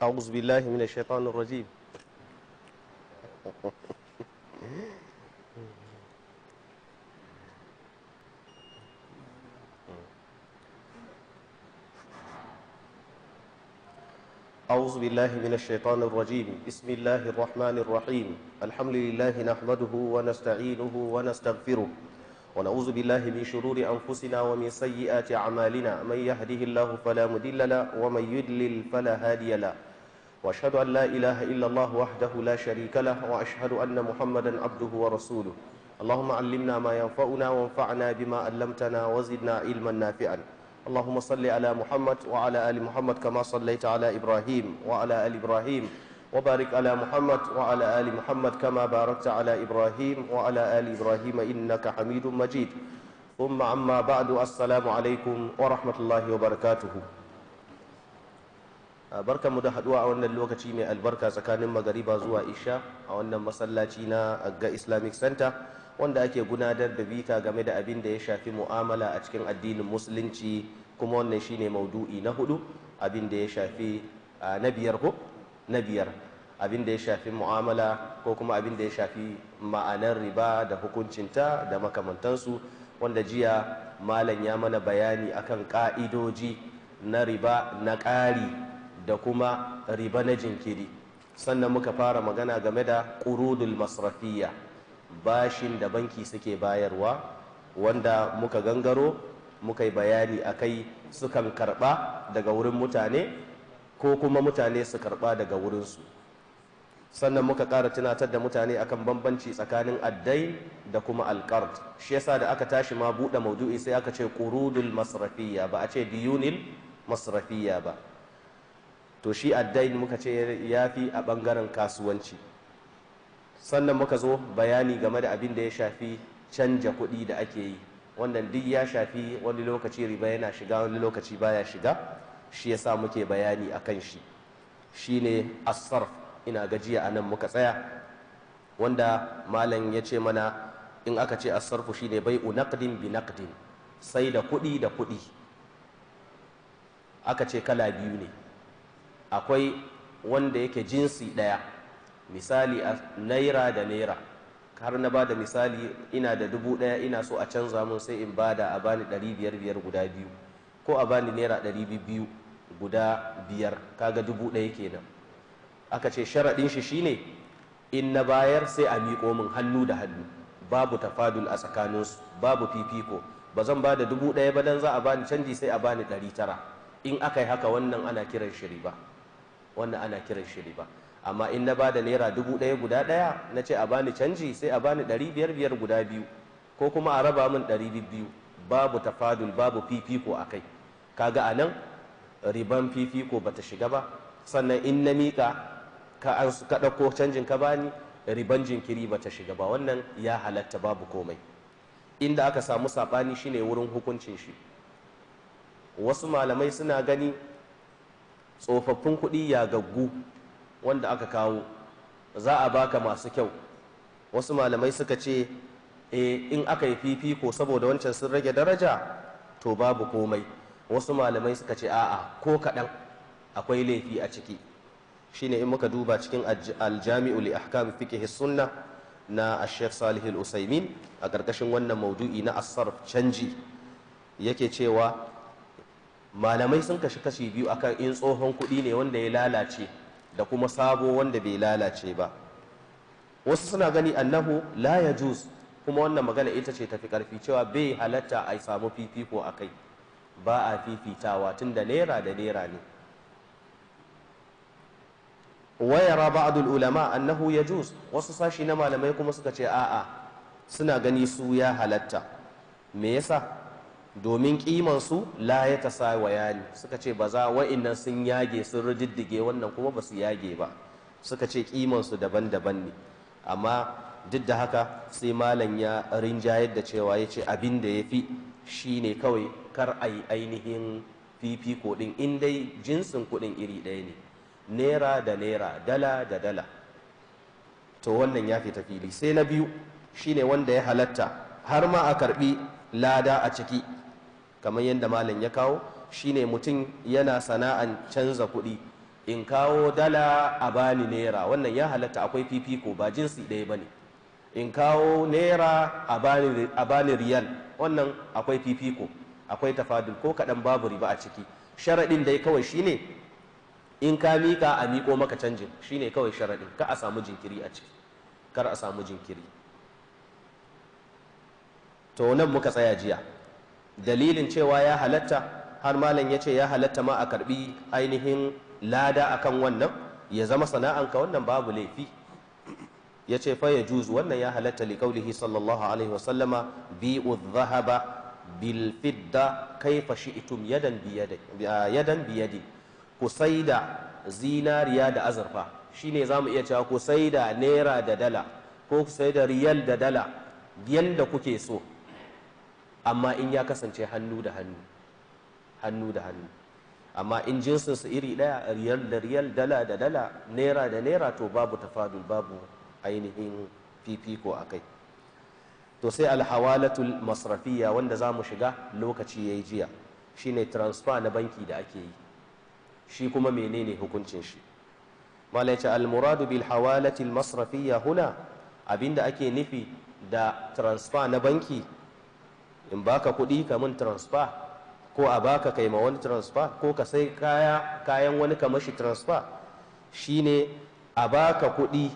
أعوذ بالله من الشيطان الرجيم أعوذ بالله من الشيطان الرجيم بسم الله الرحمن الرحيم الحمد لله نحمده ونستعينه ونستغفره ونعوذ بالله من شرور أنفسنا ومن سيئات أعمالنا من يهده الله فلا مدل له ومن يدلل فلا هادي له واشهد ان لا اله الا الله وحده لا شريك له واشهد ان محمدا عبده ورسوله اللهم علمنا ما ينفعنا وانفعنا بما علمتنا وزدنا علما نافعا اللهم صل على محمد وعلى ال محمد كما صليت على ابراهيم وعلى ال ابراهيم وبارك على محمد وعلى ال محمد كما باركت على ابراهيم وعلى ال ابراهيم انك حميد مجيد ثم اما بعد السلام عليكم ورحمه الله وبركاته mu da haduwa a wannan lokaci mai albarka tsakanin magariba zuwa isha a wannan masallaci na agga islamic center wanda ake gudanar da bita game da abin da ya shafi mu'amala a cikin addinin musulunci kuma wannan shine maudu'i na hudu abin da ya shafi na biyar ko na biyar abin da ya shafi mu'amala ko kuma abin da ya shafi ma'anar riba da hukuncinta da makamantansu wanda jiya malam ya mana bayani akan ka'idoji na riba na ƙari da kuma riba na jinkiri sannan muka fara magana game da ƙurudul masrafiya bashin da banki suke bayarwa wanda muka gangaro muka yi bayani a kai sukan karɓa daga wurin mutane ko kuma mutane su karɓa daga wurinsu sannan muka ƙara tunatar da mutane akan bambanci tsakanin addai da kuma alkard shi yasa da aka tashi ma buɗe maudu'i sai aka ce ƙurudul masrafiya ba a ce diyunil masrafiya ba to shi addain muka ce ya fi a ɓangaren kasuwanci sannan muka zo bayani game da abin da ya shafi canja kuɗi da ake yi wannan duk ya shafi wani lokaci riba yana shiga wani lokaci baya shiga shi ya sa muke bayani a kan shi shi ne asarf ina gajiya a nan muka tsaya wanda malam ya ce mana in aka ce asarfu shi ne bai unakdin bi nakdin sai da kuɗi da kuɗi aka ce kala biyu ne akwai wanda yake jinsi ɗaya misali a naira da naira har na ba da misali ina da dubu ɗaya ina so a canza mun sai in bada a bani ɗari biyar biyar guda biyu ko a bani naira ɗari biyu guda biyar kaga dubu ɗaya kenan aka ce sharaɗin shi shine in na bayar sai a miƙo min hannu da hannu babu tafadul a tsakanin su babu fifiko ba zan ba da dubu ɗaya ba dan za a bani canji sai a bani ɗari tara in aka yi haka wannan ana kiran shiri ba. wannan ana kiran shi riba amma in na bada naira dubu ɗaya guda ɗaya na ce a bani canji sai a bani ɗari biyar biyar guda biyu ko kuma a raba min ɗari biyu babu tafadul babu fifiko a kai kaga a nan riban fifiko ba ta shiga ba sannan in na miƙa ka ɗauko canjin ka bani riban jinkiri ba ta shiga ba wannan ya halatta babu komai inda aka samu saɓani shine wurin hukuncin shi wasu malamai suna gani tsofaffin kuɗi ya gaggu wanda aka kawo za a baka masu kyau wasu malamai suka ce eh, in aka yi fifiko saboda wancan sun rage daraja to babu komai wasu malamai suka ce a'a ko kaɗan akwai laifi a ciki shine in muka duba cikin aljami'u li ahkam fiqh sunna na Sheikh Salih al-Usaimin a ƙarƙashin wannan maudu'i na asarf canji yake cewa malamai sun kashi kashi biyu akan in tsohon kuɗi ne wanda ya lalace da kuma sabo wanda bai lalace ba wasu suna gani annahu la ya juz kuma wannan magana ita ce tafi karfi cewa bai halatta a samu fifiko a kai ba a fifitawa tun da naira da naira ne wayara ba'dul ulama annahu ya jus wasu sashi na malamai kuma suka ce a'a suna gani su ya halatta me yasa domin kimansu la ya sa ne suka ce ba za wa'innan sun yage sun rididdige wannan kuma ba su yage ba suka ce kimansu daban-daban ne amma duk da haka sai malam ya rinjayar da cewa ya ce abin da ya fi shi ne kawai kar a yi ainihin fifiko ɗin in dai jinsin kuɗin iri ɗaya ne naira da naira dala da dala to wannan ya fi fili sai na biyu shine wanda ya halatta har ma a karbi lada a ciki kamar yadda malam ya kawo shine mutum yana sana'an canza kuɗi in kawo dala a bani naira wannan ya halatta akwai fifiko ba jinsi ɗaya ba ne in kawo naira a bani riyal wannan akwai fifiko akwai tafadul ko kaɗan babu riba a ciki sharaɗin dai kawai shine in ka miƙa a miko maka canjin shine kawai sharaɗin ka a samu jinkiri a ciki kar a samu jinkiri to nan muka tsaya jiya dalilin cewa ya halatta har malam ya ce ya halatta ma a karbi ainihin lada akan wannan ya zama sana'anka wannan babu laifi ya ce faya juzu wannan ya halatta li kaulihi sallallahu alaihi wasallama bi dhahaba bil fidda kaifa shi'tum yadan yadan biyadi ku saida zinariya da azurfa shine zamu iya cewa ku saida naira da dala ko ku da riyal da dala yanda kuke so amma in ya kasance hannu da hannu hannu da hannu amma in jinsin su iri daya riyal da riyal dala da dala naira da naira to babu tafadul babu ainihin fifiko a kai to sai alhawalatul masrafiya wanda za mu shiga lokaci ya yi jiya shine transfer na banki da ake yi shi kuma menene hukuncin shi malaice almuradu bil hawalatil masrafiya huna abinda ake nufi da transfer na banki in baka kuɗi ka min transfer ko a baka kai ma wani transfer ko ka sai kayan wani ka mashi transfer shine a baka kuɗi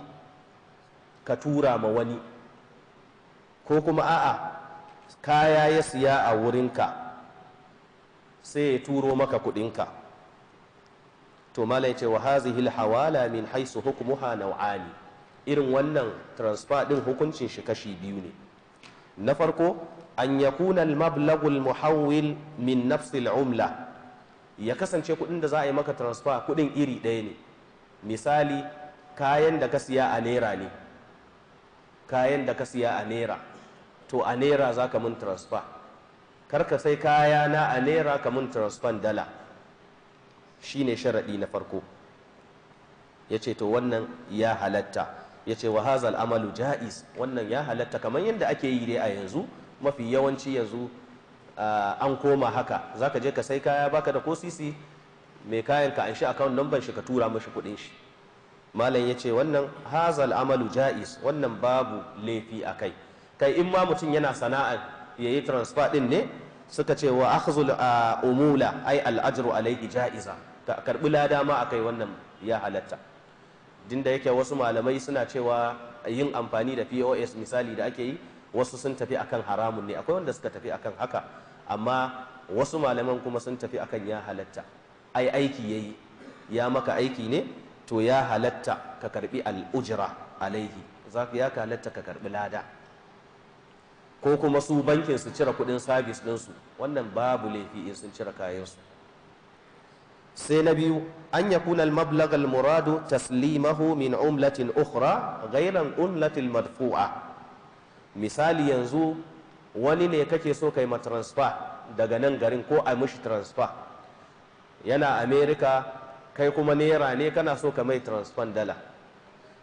ka tura ma wani ko kuma a'a kaya ya siya a wurinka sai ya turo maka kuɗinka to mala ya ce wa hazihil hawala min haisu hukumuha nau'ani irin wannan transfer din hukuncin shi kashi biyu ne na farko an yakuna al-mablagul muhawwil min nafsil umla ya kasance kuɗin da za a yi maka transfer kuɗin iri ɗaya ne misali kayan da ka siya a naira ne kayan da ka siya a naira to a naira za ka mun transfer karka sai kaya na a naira ka mun transfer dala shine sharaɗi na farko ya ce to wannan ya halatta ya ce wa hazal amalu ja'iz wannan ya halatta kamar yadda ake yi dai a yanzu mafi yawanci yanzu ah, an koma haka za ka je ka sai kaya baka da ko sisi mai kayan ka an shi account number shi ka tura mashi kuɗin shi malam ya ce wannan hazal amalu ja'iz wannan babu laifi a kai kai in ma mutum yana sana'a ya yi transfer din ne suka ce wa akhzul ah, umula ai al ajru alayhi ja'iza ka karbi lada ma akai wannan ya halatta dinda yake wasu malamai suna cewa yin amfani da POS misali da ake yi wasu sun tafi akan haramun ne akwai wanda suka tafi akan haka amma wasu malaman kuma sun tafi akan ya halatta ai aiki yayi ya maka aiki ne to ya halatta ka karbi al'ujira alaihi za ya halatta ka karbi lada ko kuma su bankin su cire kudin sabis ɗinsu wannan babu laifi in sun cire kayansu sai na biyu an ya kuna mablagal muradu taslimahu min umlatin ukhra ghairan umlatil madfu'a misali yanzu wani ne kake so kai ma transfer daga nan garin ko a mishi transfer yana america kai kuma naira ne kana so ka mai transfer dala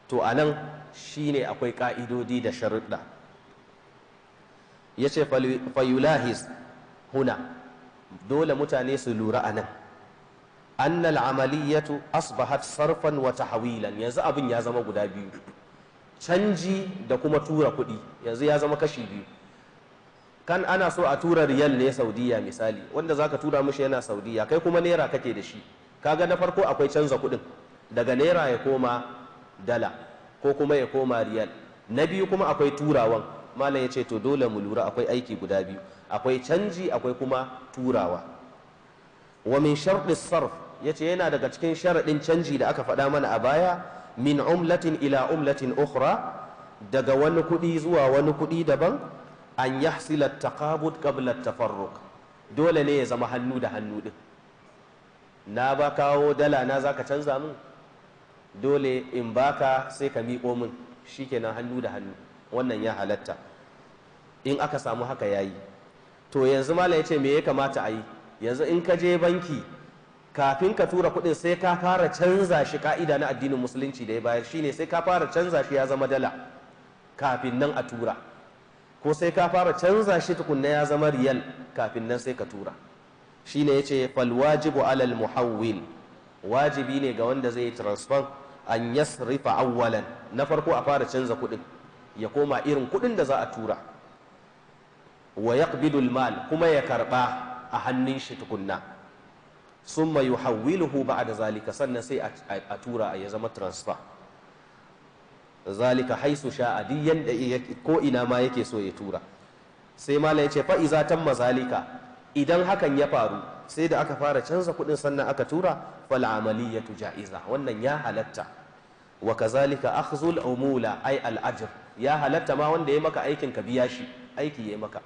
to a nan shi ne akwai ka'idodi da sharuɗa ya ce fayulahis huna dole mutane su lura a nan annal amaliyatu asbahat sarfan wata hawilan yanzu abin ya zama guda biyu canji da kuma tura kuɗi yanzu ya zama kashi biyu kan ana so a tura riyal ne saudiya misali wanda zaka tura mishi yana saudiya kai kuma naira kake da shi kaga na farko akwai canza kuɗin daga naira ya koma dala ko kuma ya koma riyal na biyu kuma akwai turawan malam ya ce to dole mu lura akwai aiki guda biyu akwai canji akwai kuma turawa wa min sharɗi sarf ya ce yana daga cikin sharaɗin canji da aka faɗa mana a baya min umlatin ila umlatin ukhra daga wani kuɗi zuwa wani kuɗi daban an yahsila taqabud qabla tafarruq dole ne ya zama hannu da hannu din na ba kawo dala na zaka canza min dole in baka sai ka miƙo min shikenan hannu da hannu wannan ya halatta in aka samu haka yayi to yanzu malam ya ce me ya kamata a yi yanzu in ka je banki kafin ka tura kuɗin sai ka fara canza shi ka'ida na addinin musulunci da ya bayar shine sai ka fara canza shi ya zama dala kafin nan a tura ko sai ka fara canza shi tukunna ya zama riyal kafin nan sai ka tura shine yace fal wajibu alal muhawwil wajibi ne ga wanda zai transfer an yasrifa awwalan na farko a fara canza kuɗin ya koma irin kuɗin da za a tura wa yaqbidul mal kuma ya karba a hannun shi tukunna summa yuhawwiluhu ba'da zalika sannan sai a tura ya zama transfer zalika haisu sha'a duk yanda ko ina ma yake so ya tura sai malam yace fa iza tamma zalika idan hakan ya faru sai da aka fara canza kuɗin sannan aka tura fal amaliyatu ja'iza wannan ya halatta wa kazalika akhdhul umula ay al ajr ya halatta ma wanda ya maka aikin ka biya shi aiki ya maka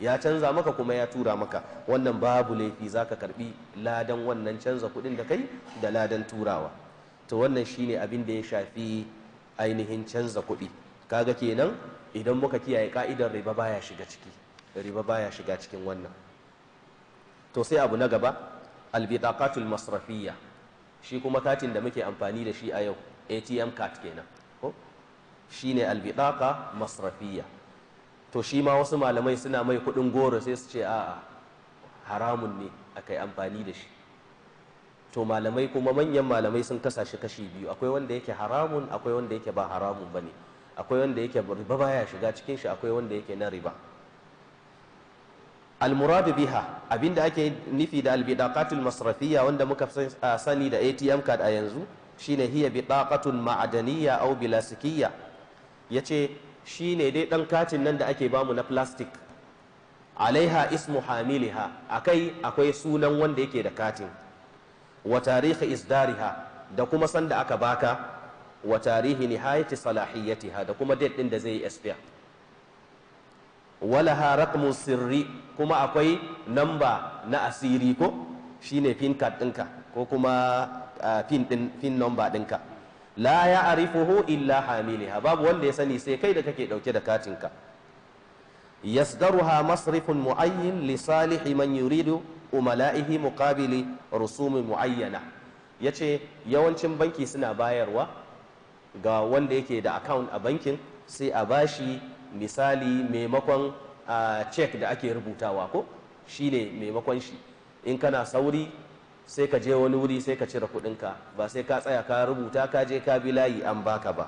ya canza maka kuma ya tura maka wannan babu laifi za ka karbi ladan wannan canza kudin da kai da ladan turawa to wannan shine abin da ya shafi ainihin canza kudi kaga kenan idan muka kiyaye ka'idar riba baya shiga ciki riba baya shiga cikin wannan to sai abu na gaba albitaqatul masrafiyya shi kuma katin da muke amfani da shi a yau ATM card kenan ko shine albidaqa masrafiyya to shi ma wasu malamai suna mai kuɗin goro sai su ce a'a haramun ne a kai amfani da shi to malamai kuma manyan malamai sun kasa shi kashi biyu akwai wanda yake haramun akwai wanda yake ba haramun bane akwai wanda yake riba baya shiga cikin shi akwai wanda yake na riba almuradu biha abinda ake nufi da albidaqatul masrafiyya wanda muka sani da ATM card a yanzu shine hiya bidaqatun ma'adaniyya aw bilasikiyya yace shi ne dai ɗan katin nan da ake bamu na plastic alaiha ismu hamiliha akai akwai sunan wanda yake da katin wa tarihi isdariha da kuma sanda aka baka wa tarihi nihayati salahiyatiha da kuma date din da zai yi wala walaha raqmu sirri kuma akwai namba na asiri ko shine pin card ɗinka ko kuma ah, pin din pin number ɗinka la ya arifuhu illa hamiliha babu wanda ya sani sai kai da kake dauke da katinka yasdaruha masrifun mu'ayyin li salihi man yuridu umala'ihi muqabili rusumi muayyana yace yawancin banki suna bayarwa ga wanda yake da account a bankin sai a bashi misali maimakon ah, check da ake rubutawa ko shine maimakon shi in kana sauri sai ka je wani wuri sai ka cire kuɗinka ba sai ka tsaya ka rubuta ka je ka bi layi an baka ba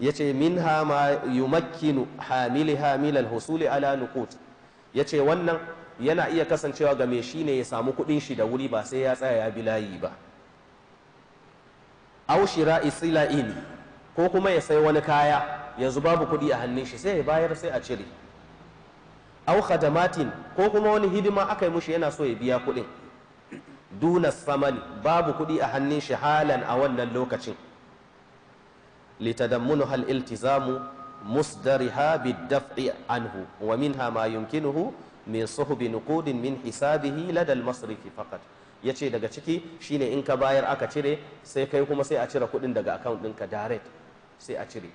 Ya ce yace ha ma makinu hamili milal husuli ala Ya ce wannan yana iya kasancewa ga mai ne ya samu kuɗin shi da wuri ba sai ya tsaya ya bi layi ba shira isila sila'in ko kuma ya sai wani kaya yanzu babu kuɗi a hannun shi sai ya bayar sai a cire au khadamatin ko kuma wani hidima aka yi mushi yana so ya biya kuɗin duna samani babu kuɗi a hannun shi halan a wannan lokacin litadammunu hal iltizamu musdariha bidaf'i anhu wa minha ma yumkinuhu min suhbi nuqudin min hisabihi ladal masrifi faqat yace daga ciki shine in ka bayar aka cire sai kai kuma sai a cire kuɗin daga account ɗinka direct sai a cire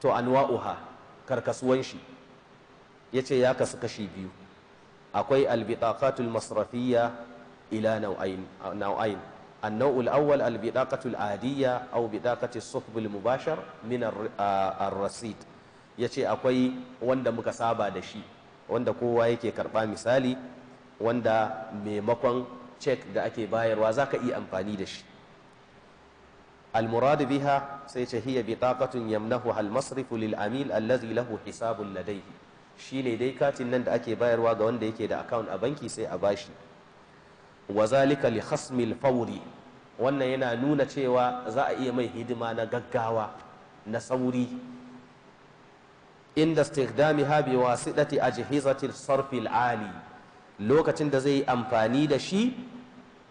to anwa'uha karkasuwan shi yace ya kasu kashi biyu akwai albitaqatul masrafiyya ila nau'ain النوع الأول البطاقة العادية أو بطاقة الصحب المباشر من الرصيد yace akwai wanda muka saba da shi wanda kowa yake karba misali wanda maimakon cek da ake bayarwa zaka iya amfani da shi almuradu biha sai ce hiya bitaqatun yamnahu al masrifu lil amil allazi lahu hisabun ladayhi shine dai katin nan da ake bayarwa ga wanda yake da account a banki sai a bashi wa zalika li khasmil fawri wannan yana nuna cewa za a iya mai hidima na gaggawa na sauri inda istighdamiha bi wasidati ajhizati sarfil ali lokacin da zai amfani da shi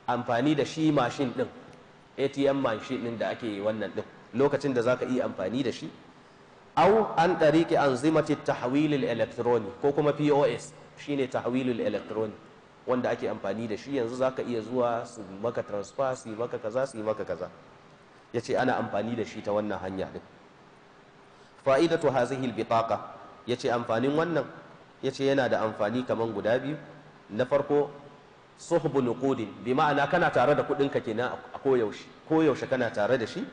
amfani da shi mashin din ATM mashin din da ake wannan din lokacin da zaka iya amfani da shi au an tariki anzimati tahwilil elektroni ko kuma POS shine tahwilul elektroni wanda ake amfani da shi yanzu zaka iya zuwa su maka transfer su maka kaza su maka kaza yace ana amfani da shi ta wannan hanya din fa'idatu hazihi albitaqa yace amfanin wannan yace yana da amfani kaman guda biyu na farko suhbu nuqudin bi ma'ana kana tare da kudin ka kenan a koyaushe kana tare da shi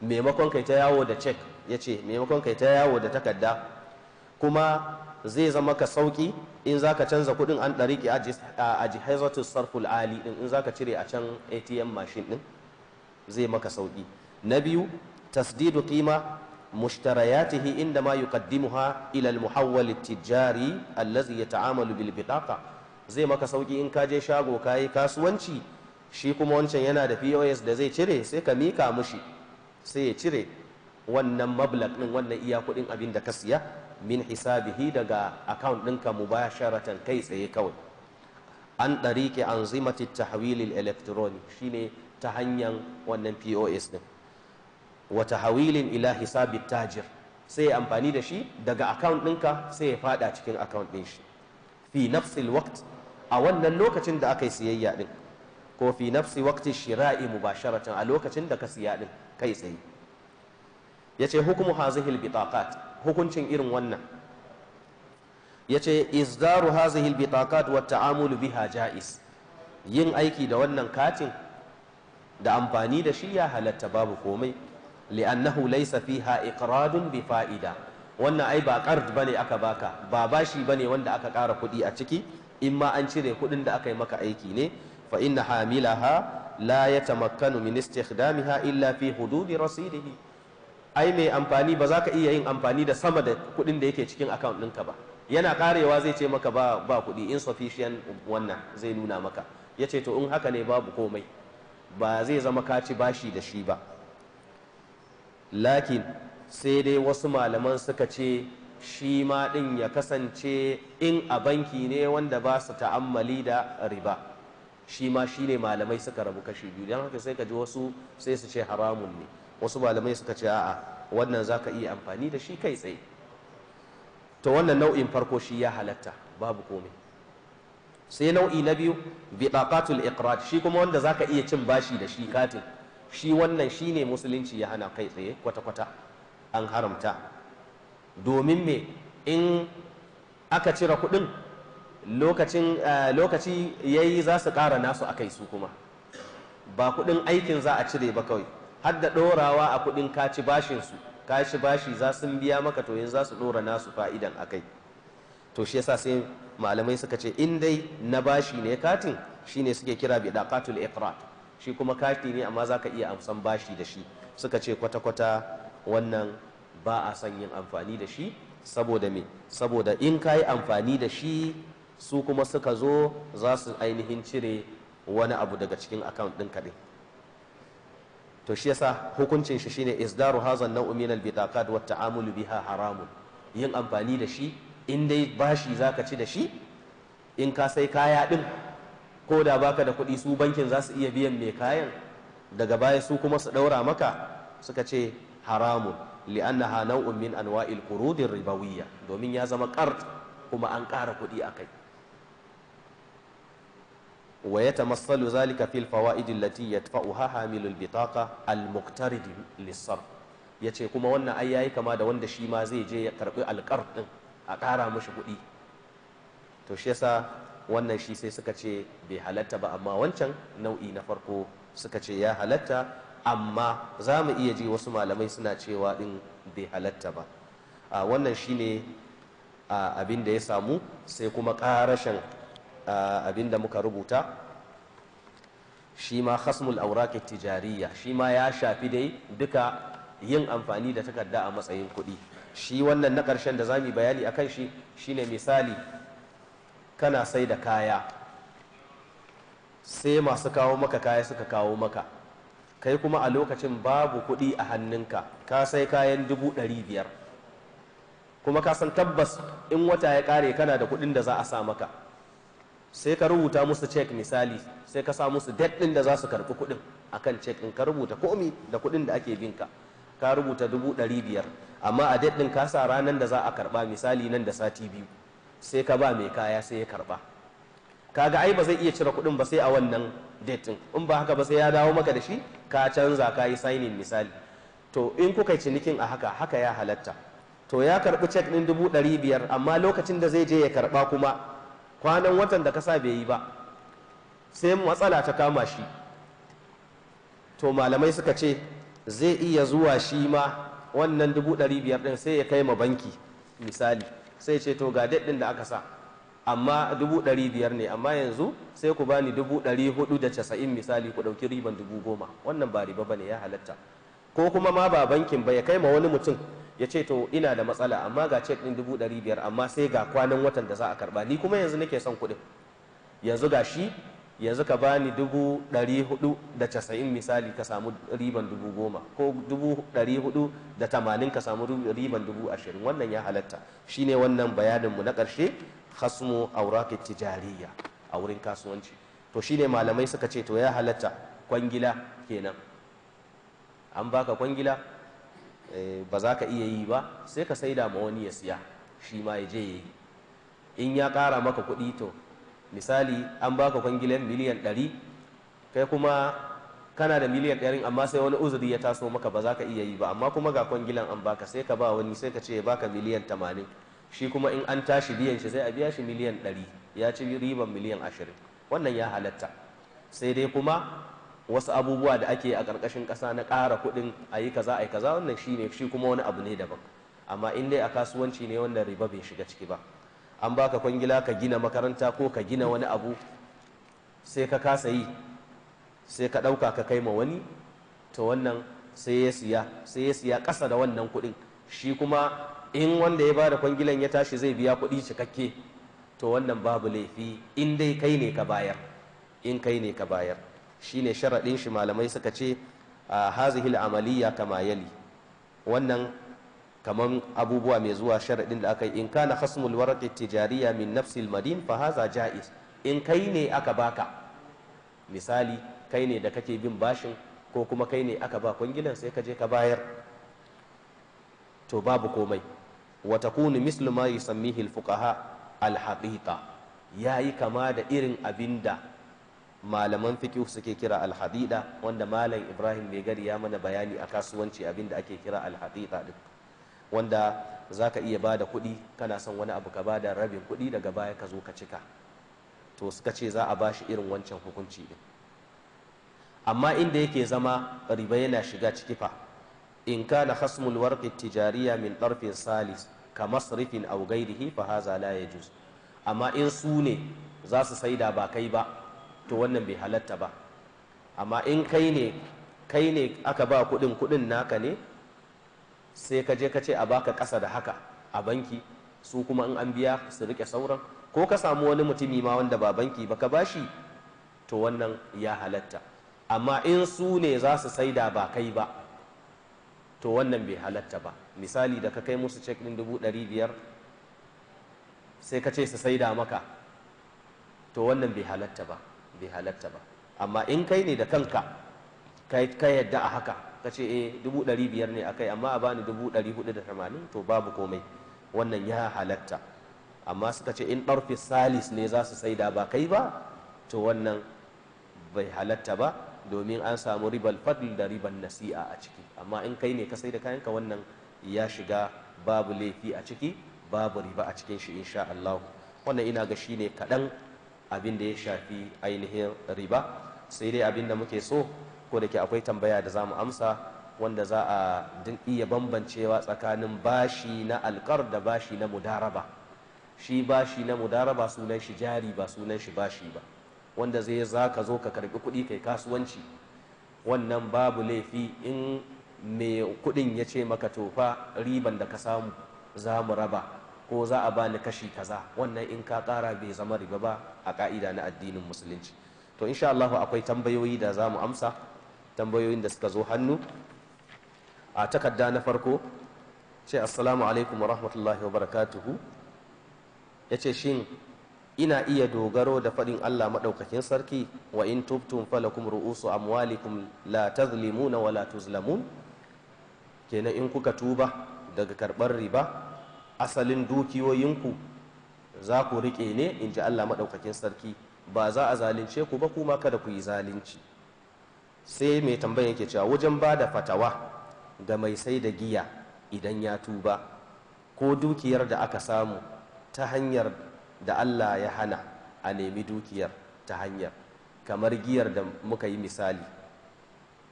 maimakon kai ta yawo da check ya ce maimakon kai ta yawo da takarda kuma zai zama ka sauki in za ka canza kudin an ɗariki a jihazatu sarful ali din in za ka cire a can atm machine din zai maka sauki na biyu tasdidu qima mushtarayatihi inda ma yuqaddimuha ila al-muhawwal at-tijari allazi yata'amalu bil bitaqa zai maka sauki in ka je shago kayi kasuwanci shi kuma wancan yana da POS da zai cire sai ka mika mushi sai ya cire wannan mablak ɗin wannan iya kuɗin abin da ka siya min hisabihi daga account ɗinka mubasharatan kai tsaye kawai an ɗariƙe an tahwilil electronic shine ta hanyar wannan pos ɗin wata hawilin ila hisabi tajir sai ya amfani da shi daga account ɗinka sai ya faɗa cikin account ɗin shi fi nafsil waqt a wannan lokacin da aka yi siyayya ɗin ko fi nafsi waqti shira'i mubasharatan a lokacin da ka siya ɗin kai tsaye yace hukumu hazihil bitaqat hukuncin irin wannan yace izdaru hazihil bitaqat wa ta'amulu biha jaiz yin aiki da wannan katin da amfani da shi ya halatta babu komai li'annahu laysa fiha iqradun bi fa'ida wannan ai ba qard bane aka baka ba bashi bane wanda aka ƙara kuɗi a ciki in ma an cire kuɗin da aka yi maka aiki ne fa inna hamilaha la yatamakkanu min istikhdamiha illa fi hududi rasidihi ai mai amfani ba za ka iya yin amfani da sama da kuɗin da yake cikin account ɗinka ba yana karewa zai ce maka ba ba kuɗi insufficient wannan zai nuna maka ya ce to in haka ne babu komai ba zai zama ka ci bashi da shi ba lakin sai dai wasu malaman suka ce shi ma ɗin ya kasance in a banki ne wanda ba su ta'ammali da riba shi ma shi ne malamai suka rabu kashi biyu don haka sai ka ji wasu sai su ce haramun ne wasu malamai suka ce a'a wannan za ka iya amfani da shi kai tsaye to wannan nau'in farko shi ya halatta babu komai sai nau'i na biyu biqaqatul iqrar shi kuma wanda zaka iya cin bashi da shi katin shi wannan shine musulunci ya hana kai tsaye kwata kwata an haramta domin me in aka cire kuɗin lokacin eh, lokaci yayi za su ƙara nasu akai su kuma ba kuɗin aikin za a cire ba kawai har da ɗorawa a kuɗin kaci bashin su kaci bashi za sun biya maka to yanzu za su ɗora nasu fa'idan akai to shi yasa sai malamai suka ce in dai na bashi ne katin shine suke kira bi daqatul iqrar shi kuma kati ne amma zaka iya amsan bashi da shi suka ce kwata kwata wannan ba a son yin amfani da shi saboda me saboda in kai amfani da shi su kuma suka zo za su ainihin cire wani abu daga cikin account ɗin kaɗai to shi yasa hukuncin shi shine isdaru hazan nau'u min albitaqat wa ta'amulu biha haramun yin amfani da shi in dai bashi zaka ci da shi in ka sai kaya din ko da baka da kuɗi su bankin za su iya biyan mai kayan daga baya su kuma su ɗaura maka suka ce haramun li'annaha nau'un min anwa'il qurudin ribawiyya domin ya zama qard kuma an ƙara kuɗi akai wa ya tamassalu zalika fil fawaidi allati yadfa'uha hamilul bitaqa al muqtarid lis-sarf yace kuma wannan ai yayi kama da wanda shi ma zai je ya karbi alqar din a ƙara mashi kuɗi to shi yasa wannan shi sai suka ce bai halatta ba amma wancan nau'i na farko suka ce ya halatta amma za mu iya ji wasu malamai suna cewa din bai halatta ba wannan shi shine abin da ya samu sai kuma ƙarashin abinda muka rubuta shi ma khasmul auraki tijariya shi ma ya shafi dai duka yin amfani da takarda a matsayin kuɗi shi wannan na karshen da zamu bayani akan shi shine misali kana sai da kaya sai masu kawo maka kaya suka kawo maka kai kuma a lokacin babu kuɗi a hannunka ka sai kayan dubu ɗari biyar kuma ka san tabbas in wata ya ƙare kana da kuɗin da za a sa maka sai ka rubuta musu cek misali sai ka sa musu det ɗin da za su karɓi kuɗin a kan cek ɗin ka rubuta komi da kuɗin da ake binka ka rubuta dubu ɗari biyar amma a det ɗin ka sa ranar da za a karɓa misali nan da sati biyu sai ka ba mai kaya sai ya karɓa ga ai ba zai iya cire kuɗin ba sai a wannan det ɗin in ba haka ba sai ya dawo maka da shi ka canza ka yi sainin misali to in kuka cinikin a haka haka ya halatta to ya karɓi cek ɗin dubu ɗari biyar amma lokacin da zai je ya karɓa kuma kwanan watan da kasa bai yi ba sai matsala ta kama shi to malamai suka ce zai iya zuwa shi ma wannan dubu ɗari ɗin sai ya kai ma banki misali sai ce to ga daɗin da aka sa amma dubu ne amma yanzu sai ku bani dubu hudu da casa'in misali ku ɗauki riban dubu goma wannan ba riba ba ne ya halatta ko kuma ma ba bankin ba ya kai ma wani mutum ya ce to ina da matsala amma ga cek din dubu ɗari biyar amma sai ga kwanan watan da za a karba ni kuma yanzu nake son kuɗin yanzu ga shi yanzu ka bani dubu ɗari hudu da casa'in misali ka samu riban dubu goma ko dubu ɗari hudu da tamanin ka samu riban dubu ashirin wannan ya halatta shine wannan bayaninmu na karshe hasmo auraki tijariya a wurin kasuwanci to shine malamai suka ce to ya halatta kwangila kenan an baka kwangila Eh, ba za ka iya yi ba sai ka saida ma wani ya siya shi ma ya je ya yi in ya kara maka kuɗi to misali an baka kwangilan miliyan ɗari kai kuma kana da miliyan ɗari amma sai wani uzuri ya taso maka ba za ka iya yi ba amma kuma ga kwangilan an baka sai ka ba wani sai ka ce ya baka miliyan tamanin shi kuma in an tashi biyan shi sai a biya shi miliyan ɗari ya ci riban miliyan ashirin wannan ya halatta sai dai kuma wasu abubuwa da ake a ƙarƙashin ƙasa na ƙara kuɗin a yi kaza a yi kaza wannan shi ne shi kuma wani abu ne daban amma in dai a kasuwanci ne wanda riba bai shiga ciki ba an baka kwangila ka gina makaranta ko ka gina wani abu sai ka kasa yi sai ka ɗauka ka kai ma wani to wannan sai ya siya sai ya siya ƙasa da wannan kuɗin shi kuma in wanda ya bada kwangilan ya tashi zai biya kuɗi cikakke to wannan babu laifi in dai kai ne ka bayar in kai ne ka bayar shine sharaɗin shi malamai suka ce a hazihil amaliya kama yali wannan kamar abubuwa mai zuwa sharaɗin da aka yi in kana hasmul warqi tijariya min nafsil madin fa haza jaiz in kai ne aka baka misali kai ne da kake bin bashin ko kuma kai ne aka ba kwangilan sai ka je ka bayar to babu komai wa takunu mislu ma yusammihi al-fuqaha al-haqiqa yayi kama da irin abinda malaman fiqh suke kira alhadida wanda malam Ibrahim mai gari ya mana bayani a kasuwanci abin da ake kira alhadida duk wanda zaka iya bada kuɗi kana son wani abu ka bada rabin kuɗi daga baya ka zo ka cika to suka ce za a bashi irin wancan hukunci din amma inda yake zama riba yana shiga ciki fa in kana khasmul warqi tijariya min tarfin salis ka masrifin aw ghairihi fa hadha la yajuz amma in su ne za su saida ba kai ba to wannan bai halatta ba amma in kai ne kai ne aka ba kuɗin kuɗin naka ne sai ka je ka ce a baka kasa da haka a banki su kuma in an biya su rike sauran ko ka samu wani mutumi ma wanda ba banki ba ka bashi to wannan ya halatta amma in su ne za su saida ba kai ba to wannan bai halatta ba misali da ka kai musu cek din dubu ɗari biyar sai ka ce su saida maka to wannan bai halatta ba bai halatta ba amma in kai ne da kanka ka yadda a haka ka ce eh dubu ɗari biyar ne akai amma a bani dubu ɗari hudu da tamanin to babu komai wannan ya halatta amma suka ce in ɗarfi salis ne za su saida ba kai ba to wannan bai halatta ba domin an samu ribal fadl da ribal nasi'a a ciki amma in kai ne ka sai da kayanka wannan ya shiga babu laifi a ciki babu riba a cikin shi insha Allah wannan ina ga shine kaɗan abin da ya shafi ainihin riba sai dai abin da muke so ko da ke akwai tambaya da za mu amsa wanda za a iya bambancewa tsakanin bashi na alkar da bashi na mudaraba shi bashi na mudaraba sunan shi jari ba sunan shi bashi ba wanda zai za ka zo ka karbi kuɗi kai kasuwanci wannan babu laifi in mai kuɗin ya ce maka tofa riban da ka samu za mu raba ko za a bani kashi kaza wannan in ka kara bai zama riba ba a ka'ida na addinin musulunci to insha Allah akwai tambayoyi da za mu amsa tambayoyin da suka zo hannu a takarda na farko ce assalamu alaikum wa rahmatullahi wa barakatuhu ya ce shin ina iya dogaro da faɗin Allah maɗaukakin sarki wa in tubtum falakum ru'usu amwalikum la tazlimuna wa la tuzlamun kenan in kuka tuba daga karɓar riba asalin dukiyoyinku za ku riƙe ne in ji Allah maɗaukakin sarki ba za a zalunce ku ba kuma kada ku yi zalunci sai mai tambayan ke cewa wajen ba da fatawa ga mai sai da giya idan ya tuba ko dukiyar da aka samu ta hanyar da Allah ya hana a nemi dukiyar ta hanyar kamar giyar da muka yi misali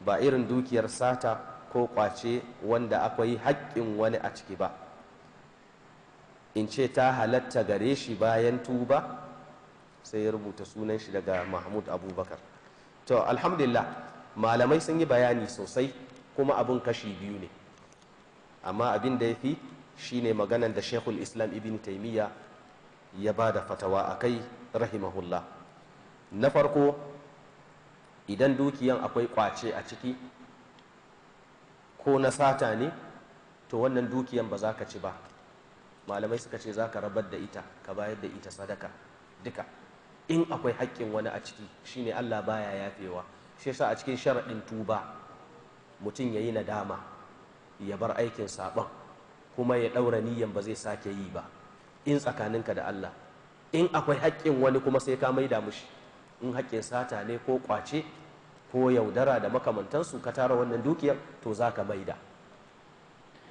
ba irin dukiyar sata ko ƙwace wanda akwai haƙƙin wani a ciki ba in ce ta halatta gare shi bayan tuba sai ya rubuta sunan shi daga mahmud abubakar to alhamdulillah malamai sun yi bayani sosai kuma abin kashi biyu ne amma abin da ya fi shi ne maganan da shekul islam ibn taimiyya ya ba da fatawa a kai rahimahullah na farko idan dukiyan akwai kwace a ciki ko na sata ne to wannan dukiyan ba za ka ci ba malamai suka ce za ka rabar da ita ka bayar da ita sadaka duka in akwai haƙƙin wani a ciki shine Allah baya yafewa shi yasa a cikin sharaɗin tuba mutum ya yi nadama ya bar aikin saɓon kuma ya ɗaura niyyan ba zai sake yi ba in tsakaninka da Allah in akwai haƙƙin wani kuma sai ka maida mushi in haƙƙin sata ne ko ƙwace ko yaudara da makamantansu ka tara wannan dukiyar to za ka maida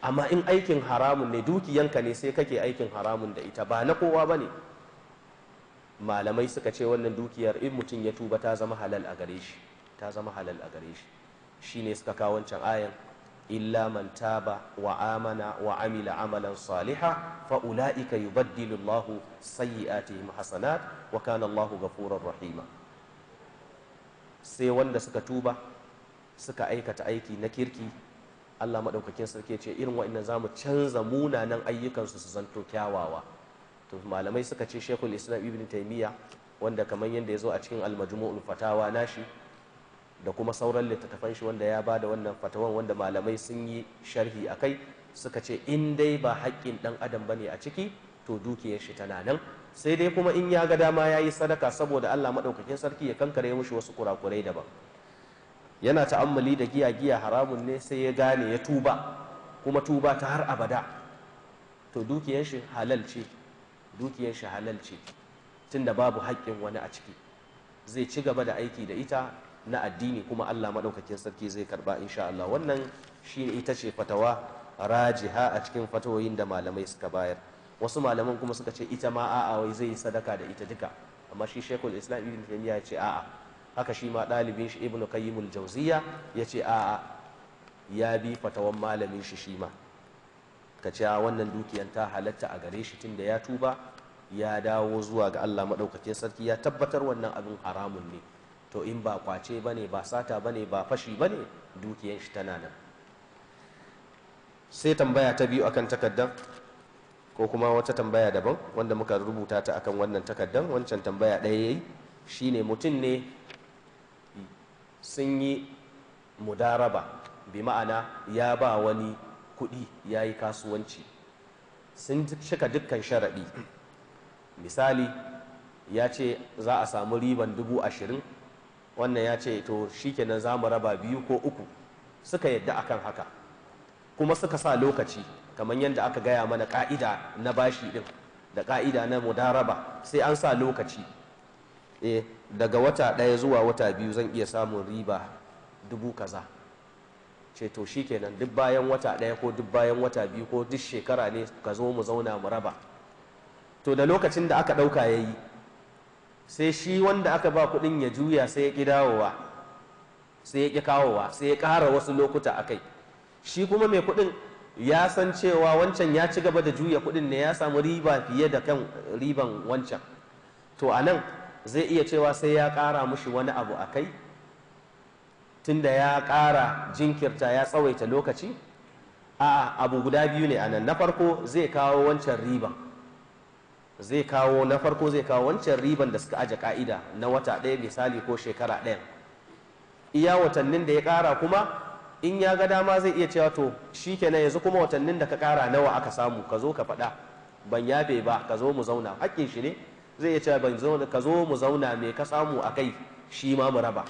amma in aikin haramun ne dukiyanka ne sai kake aikin haramun da ita ba na kowa ba ne malamai suka ce wannan dukiyar in mutum ya tuba ta zama halal a gare shi ta zama halal a gare shi shi ne suka kawo wancan ayan illa man taba wa amana wa amila amalan saliha fa ulaika yubaddilu Allahu sayyi'atihim hasanat wa kana Allahu ghafurur rahima sai wanda suka tuba suka aikata aiki na kirki Allah maɗaukakin sarki ce irin wa'annan za mu canza munanan ayyukansu su zanto kyawawa to malamai suka ce shekul islam ibn taimiyya wanda kamar yadda ya zo a cikin almajmu'ul fatawa nashi da kuma sauran littattafan shi wanda ya bada wannan fatawan wanda malamai sun yi sharhi a kai suka ce in dai ba haƙƙin ɗan adam bane a ciki to dukiyar shi tana nan sai dai kuma in ya ga dama ya yi sadaka saboda Allah maɗaukakin sarki ya kankare mushi wasu kurakurai daban yana ta'ammali da giya giya haramun ne sai ya gane ya tuba kuma tuba ta har abada to dukiyar shi halal ce dukiyar shi halal ce tunda babu haƙƙin wani a ciki zai ci gaba da aiki da ita na addini kuma Allah maɗaukakin sarki zai karba insha Allah wannan shi ita ce fatawa rajiha a cikin fatawoyin da malamai suka bayar wasu malaman kuma suka ce ita ma a'a wai zai sadaka da ita duka amma shi Sheikhul islam ibn Taymiyyah ya ce a'a haka shi ma ɗalibin shi ibnu qayyimul jauziya ya ce a ya bi fatawan malamin shi shi ma ka ce wannan dukiyan ta halatta a gare shi tun da ya tuba ya dawo zuwa ga Allah maɗaukakin sarki ya tabbatar wannan abin haramun ne to in ba kwace ba ne ba sata ba ne ba fashi ba ne dukiyan shi tana nan sai tambaya ta biyu akan takaddan ko kuma wata tambaya daban wanda muka rubuta ta akan wannan takaddan wancan tambaya ɗaya yayi shine mutum ne sun yi mudaraba bi ma'ana ya ba wani kuɗi ya yi kasuwanci sun cika dukkan sharaɗi misali ya ce za a samu riban dubu ashirin wannan ya ce to shikenan za mu raba biyu ko uku suka yadda akan haka kuma suka sa lokaci kamar yadda aka gaya mana ka'ida na bashi ɗin da ka'ida na mudaraba sai an sa lokaci eh daga wata ɗaya zuwa wata biyu zan iya samun riba dubu kaza ce to shikenan duk bayan wata ɗaya ko duk bayan wata biyu ko duk shekara ne ka zo mu zauna mu raba to da lokacin da aka ɗauka ya yi sai shi wanda aka ba kuɗin ya juya sai ya ƙi sai ya kawowa sai ya ƙara wasu lokuta a kai shi kuma mai kuɗin ya san cewa wancan ya ci gaba da juya kuɗin ne ya samu riba fiye da kan riban wancan to a nan zai iya cewa sai ya ƙara mushi wani abu a kai tunda ya ƙara jinkirta ya tsawaita lokaci a abu guda biyu ne a nan na farko zai kawo wancan riban zai kawo na farko zai kawo wancan riban da suka aje ka'ida na wata ɗaya misali ko shekara ɗaya iya watannin da ya kara kuma in ya ga dama zai iya cewa to shi kenan yanzu kuma watannin da ka ƙara nawa aka samu ka zo ka faɗa ban yafe ba ka zo mu zauna haƙƙin shi ne zai iya cewa ka zo mu zauna me ka samu a kai shi ma mu raba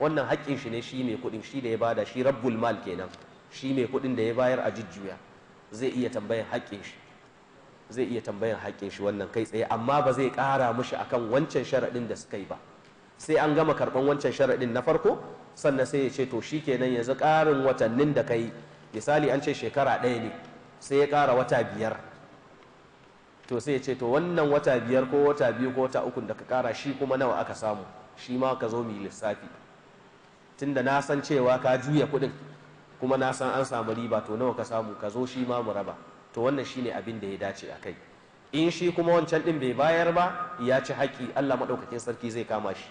wannan haƙƙin shi ne shi mai kuɗin shi da ya bada shi rabbul mal kenan shi mai kuɗin da ya bayar a jujjuya zai iya tambayan haƙƙin shi zai iya tambayan haƙƙin shi wannan kai tsaye amma ba zai ƙara a akan wancan sharaɗin da suka yi ba sai an gama karɓan wancan sharaɗin na farko sannan sai ya ce to shi kenan yanzu ƙarin watannin da kai misali an ce shekara ɗaya ne sai ya ƙara wata biyar to sai ya ce to wannan wata biyar ko wata biyu ko wata uku da ka kara shi kuma nawa aka samu shi ma ka zo mu yi lissafi tunda na san cewa ka juya kuɗin kuma na san an samu riba to nawa ka samu ka zo shi ma mu raba to wannan shine abin da ya dace a kai in shi kuma wancan din bai bayar ba ya ci haƙi Allah maɗaukakin sarki zai kama shi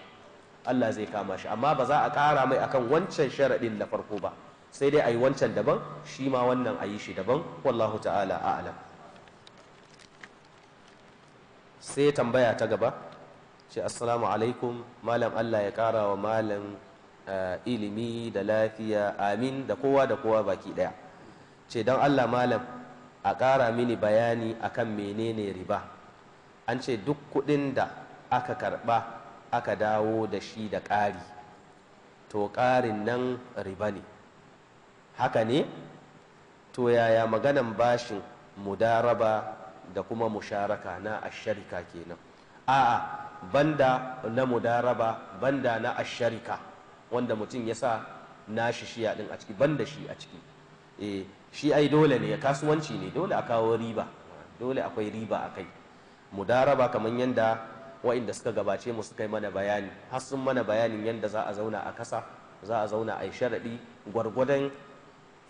Allah zai kama shi amma ba za a kara mai akan wancan sharaɗin na farko ba sai dai a yi wancan daban shi ma wannan a yi shi daban wallahu ta'ala a'lam sai tambaya ta gaba ce assalamu alaikum malam allah ya kara wa malam eh, ilimi da lafiya amin da kowa da kowa baki daya ce don allah malam a kara mini bayani akan menene riba an ce duk kudin da aka karba aka dawo da shi da ƙari to ƙarin nan riba ne haka ne to yaya maganan bashin mudaraba da kuma musharaka na asharika kenan a banda na mudaraba banda na asharika wanda mutum ya sa nashi shiya din a ciki banda shi a ciki e shi ai dole ne ya kasuwanci ne dole a kawo riba dole akwai riba a kai mudaraba kamar yadda wa'inda suka gabace mu suka yi mana bayani har mana bayanin yadda za a zauna a kasa za a zauna a yi sharaɗi gwargwadon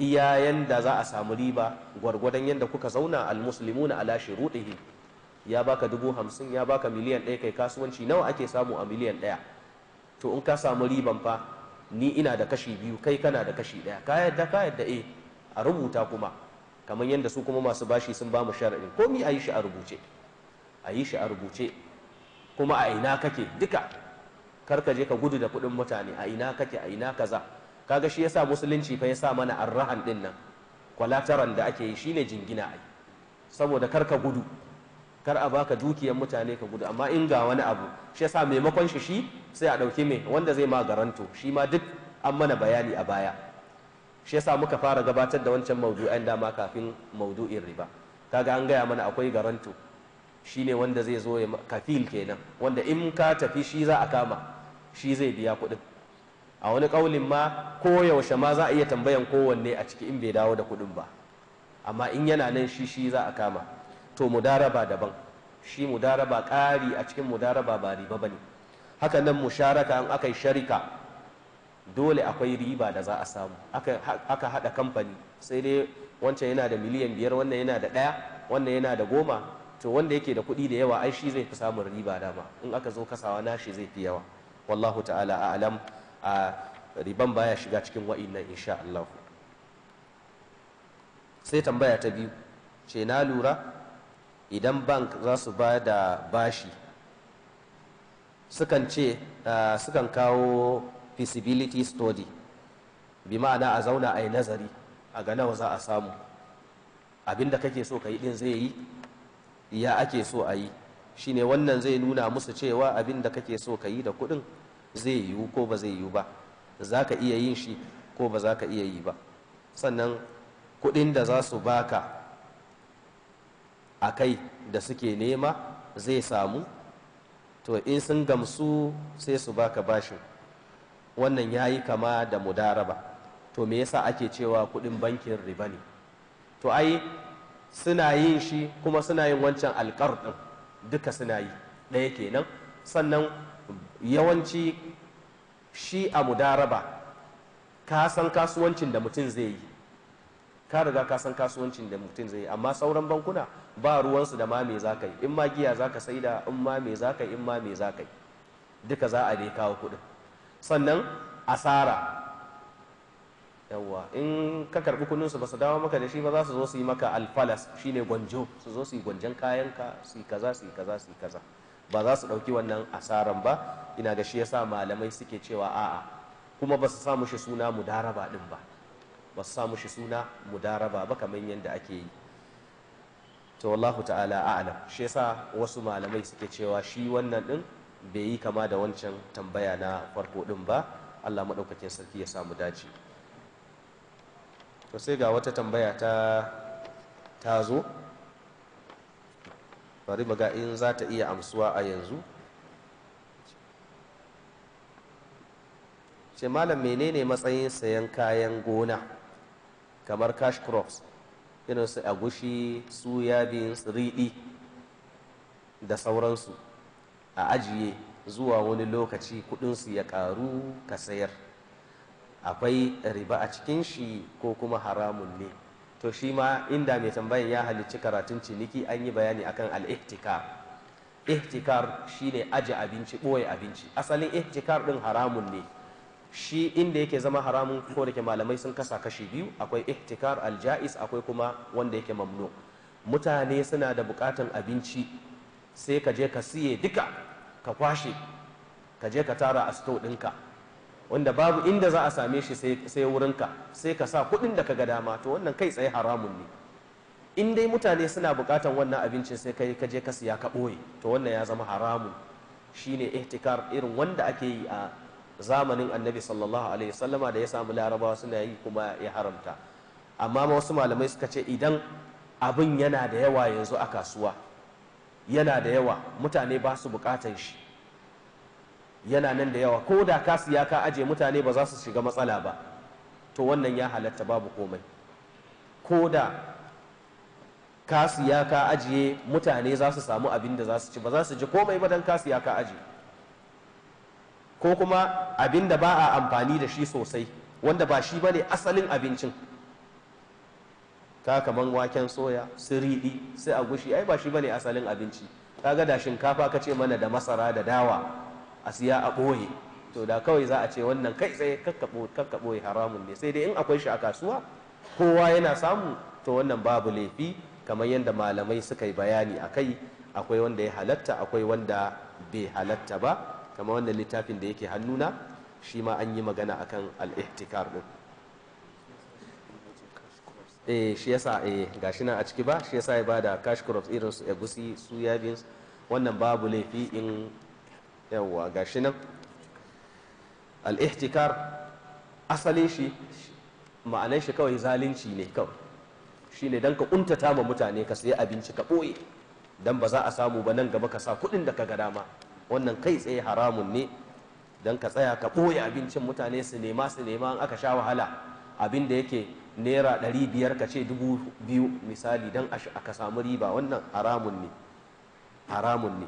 iya yanda za a samu riba gwargwadon yadda kuka zauna almuslimuna ala rudihi ya baka dubu hamsin ya baka miliyan ɗaya kai kasuwanci nawa ake samu a miliyan ɗaya to in ka samu riban fa ni ina da kashi biyu kai kana da kashi ɗaya ka yadda ka yadda e a rubuta kuma kamar yadda su kuma masu bashi sun ba mu sharaɗin komi a yi shi a rubuce a yi shi a rubuce kuma a ina kake duka kar ka je ka gudu da kuɗin mutane a ina kake a ina kaza kaga shi yasa musulunci fa yasa mana arrahan din nan kwalataran da ake yi shine jingina ai saboda kar ka gudu kar a baka dukiyar mutane ka gudu amma in ga wani abu shi yasa maimakon shi shi sai a ɗauki mai wanda zai ma garanto shi ma duk an mana bayani a baya shi yasa muka fara gabatar da wancan maudu'in dama kafin maudu'in riba kaga an gaya mana akwai garanto shine wanda zai zo ya kafil kenan wanda in ka tafi shi za a kama shi zai biya kuɗin a wani kaulin ma koyaushe ma za a iya tambayan kowanne a ciki in bai dawo da kuɗin ba amma in yana nan shi shi za a kama to mudaraba daban shi mudaraba ƙari a cikin mudaraba ba riba bane haka nan musharaka an aka yi sharika dole akwai riba da za a samu aka haɗa kamfani sai dai wancan yana da miliyan biyar wannan yana da ɗaya wannan yana da goma to wanda yake da kuɗi da yawa ai shi zai fi samun riba dama in aka zo kasawa nashi zai fi yawa wallahu ta'ala a'lam a riban baya shiga cikin wa'innan insha Allah sai tambaya ta biyu ce na lura idan bank za su ba da bashi sukan ce sukan kawo feasibility study bi ma'ana a zauna a yi nazari a ga nawa za a samu abinda kake so ka yi din zai yi ya ake so a yi shine wannan zai nuna musu cewa abinda kake so ka yi da kuɗin zai yiwu ko ba zai yiwu ba za ka iya yin shi ko ba za ka iya yi ba sannan kuɗin da za su baka a kai da suke nema zai samu to in sun gamsu sai su baka bashi wannan ya yi kama da mudaraba to me yasa ake cewa kuɗin bankin riba ne to ai suna yin shi kuma suna yin wancan alkar ɗin duka suna yi ɗaya kenan sannan yawanci shi a mudaraba ka san kasuwancin da mutum zai yi ka riga ka san kasuwancin da mutum zai yi amma sauran bankuna ba ruwansu da ma me za ka yi in ma giya za ka saida in ma me za ka yi in ma me za ka yi duka za a dai kawo kuɗin sannan asara yawa in ka karɓi kuɗin su ba su dawo maka da shi ba za su zo su yi maka alfalas shine gwanjo su zo su yi gwanjon kayanka su yi kaza su yi kaza su yi kaza ba za su ɗauki wannan asaran ba ina ga shi yasa malamai suke cewa a'a kuma ba su sa shi suna mudaraba din ba ba su sa shi suna mudaraba ba kamar yadda ake yi to wallahu ta'ala a'lam shi yasa wasu malamai suke cewa shi wannan din bai yi kama da wancan tambaya na farko din ba Allah maɗaukakin sarki ya samu dace to sai ga wata tambaya ta ta zo bari mu ga in za ta iya amsuwa a yanzu ce malam menene matsayin sayan kayan gona kamar cash crops irin su agushi su yabin riɗi da sauransu a ajiye zuwa wani lokaci kudinsu ya karu ka sayar akwai riba a cikin shi ko kuma haramun ne to shi ma inda mai tambayan ya halicci karatun ciniki an yi bayani akan al-ihtikar ihtikar shine aje abinci boye abinci asalin ihtikar ɗin haramun ne shi inda yake zama haramun ko da ke malamai sun kasa kashi biyu akwai ihtikar aljais akwai kuma wanda yake mamnu mutane suna da bukatan abinci sai ka je ka siye duka ka kwashe ka je ka tara a sto ɗinka wanda babu inda za a same shi sai wurinka sai ka sa kuɗin da ka ga dama to wannan kai tsaye haramun ne in dai mutane suna bukatan wannan abincin sai kai ka je ka siya ka boye to wannan ya zama haramun shine ihtikar irin wanda ake yi a zamanin annabi sallallahu alaihi wasallama da ya samu larabawa suna yi kuma ya haramta amma wasu malamai suka ce idan abin yana da yawa yanzu a kasuwa yana da yawa mutane ba su bukatan shi yana nan da yawa ko da ka siya ka aje mutane ba za su shiga matsala ba to wannan ya halatta babu komai ko da ka siya ka ajiye mutane za su samu abin da za su ci ba za su ji komai ba don ka siya ka aje ko kuma abin da ba a amfani da shi sosai wanda ba shi ba ne asalin abincin ka kaman waken soya su riɗi a agushi ai ba shi ba ne asalin abinci kaga da shinkafa ka ce mana da masara da dawa a siya a ɓoye to da kawai za a ce wannan kai tsaye kakka ɓoye haramun ne sai dai in akwai shi a kasuwa kowa yana samu to wannan babu laifi kamar yadda malamai suka yi bayani a kai akwai wanda ya halatta akwai wanda bai halatta ba kamar wannan littafin da yake hannuna shi ma an yi magana akan al-ihtikar din eh shi yasa eh gashi nan a ciki ba shi yasa ya bada cash crops irin su egusi su yabins wannan babu laifi in yawwa gashi nan al-ihtikar asalin shi ma'anai shi kawai zalunci ne kawai ne don ka kuntata ma mutane ka sayi abinci ka ɓoye don ba za a samu ba nan gaba ka sa kuɗin da ka ga dama wannan kai tsaye haramun ne don ka tsaya ka ɓoye abincin mutane su nema su nema in aka sha wahala abin da yake naira ɗari biyar ka ce dubu biyu misali don a ka samu riba wannan haramun ne haramun ne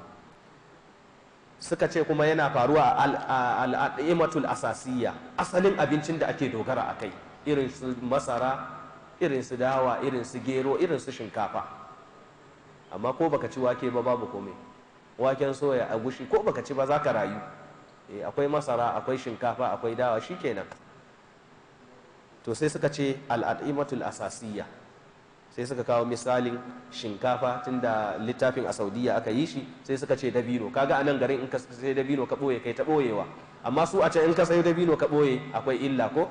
suka ce kuma yana faruwa a al'imatul asasiya asalin abincin da ake dogara a kai irin su masara irin su dawa irin su gero irin su shinkafa amma ko baka ci wake ba babu komai waken soya a gushi ko baka ci ba za ka rayu eh, akwai masara akwai shinkafa akwai dawa shikenan to sai suka ce al'ad'imatul asasiya sai suka kawo misalin shinkafa tunda littafin a saudiya aka yi shi sai suka ce dabino kaga nan garin in ka sai dabino ka ɓoye kai ta ɓoyewa amma su a can in ka sai dabino ka ɓoye akwai illa ko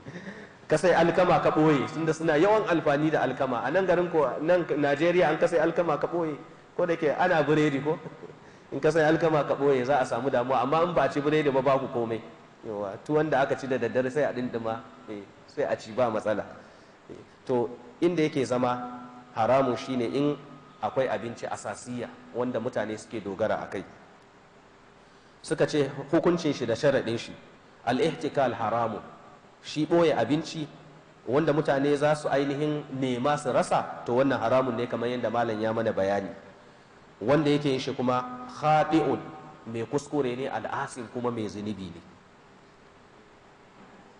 ka sai alkama ka ɓoye tunda suna yawan alfani da alkama a nan garin ko nan najeriya an ka sai alkama ka ɓoye ko da ke ana biredi ko in ka sai alkama ka ɓoye za a samu damuwa amma in ba a ci biredi ba baku komai yawa tuwon da aka ci da daddare sai a dindima eh, sai a ci ba matsala eh, to inda yake zama haramu shine in akwai abinci asasiya wanda mutane suke dogara a kai suka ce hukuncin shi da sharaɗin shi al-ihtikal haramu shi ɓoye abinci wanda mutane za su ainihin nema su rasa to wannan haramun ne kamar yadda malam ya mana bayani wanda yake yin shi kuma khadi'un mai kuskure ne al'asin kuma mai zunubi ne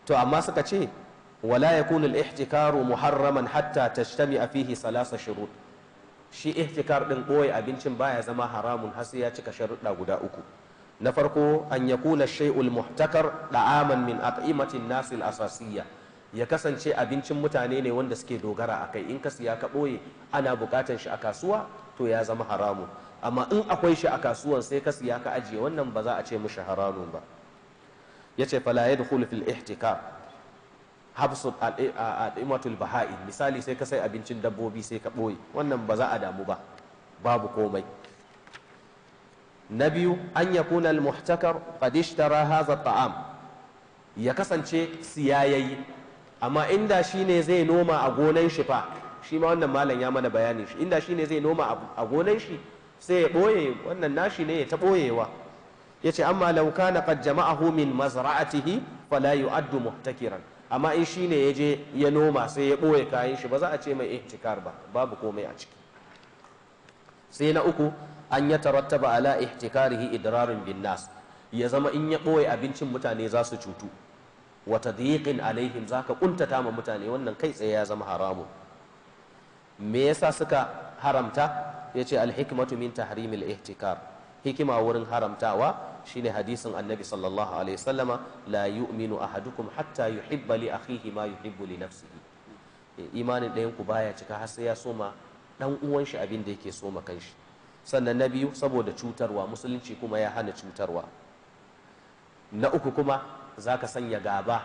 to amma suka ce wala yakunu al-ihtikaru muharraman hatta a fihi salasa shurut shi ihtikar din boye abincin baya zama haramun har sai ya cika sharuɗa guda uku na farko an yakuna shay'ul muhtakar da'aman min at'imatin nasil asasiyya ya kasance abincin mutane ne wanda suke dogara a kai in ka siya ka boye ana bukatan shi a kasuwa to ya zama haramun amma in akwai shi a kasuwan sai ka siya ka ajiye wannan ba za a ce mishi haramun ba yace fala yadkhulu fil ihtikar Eh, a al'imatul baha'i misali sai ka sai abincin dabbobi sai ka ɓoye wannan ba za a damu ba babu komai na biyu an ya kuna muhtakar qad ishtara ta'am ya kasance siyayayi amma inda shine zai noma a gonan shi fa shi ma wannan malam ya mana bayani shi inda shine zai noma a gonan shi sai ya ɓoye wannan nashi ne ya ta ɓoyewa ya ce amma laukana kad jama'ahu min mazra'atihi fala yu'addu muhtakiran amma in shi ne ya je ya noma sai ya ɓoye kayan shi ba za a ce mai ihtikar ba babu komai a ciki sai na uku an ya tarattaba ala ihtikarihi idrarin bin nas ya zama in ya ɓoye abincin mutane za su cutu wata tadyiqin alaihim ka ƙuntata ma mutane wannan kai tsaye ya zama haramun me yasa suka haramta ya al alhikmatu min tahrimil ihtikar hikima wurin haramtawa shine hadisin annabi sallallahu alaihi wasallama la yu'minu ahadukum hatta yuhibba li akhihi ma yuhibbu li nafsihi eh, imanin ɗayan ku baya cika har sai ya soma ɗan uwan shi abin da yake soma kanshi sannan na biyu saboda cutarwa musulunci kuma ya hana cutarwa na uku kuma zaka sanya gaba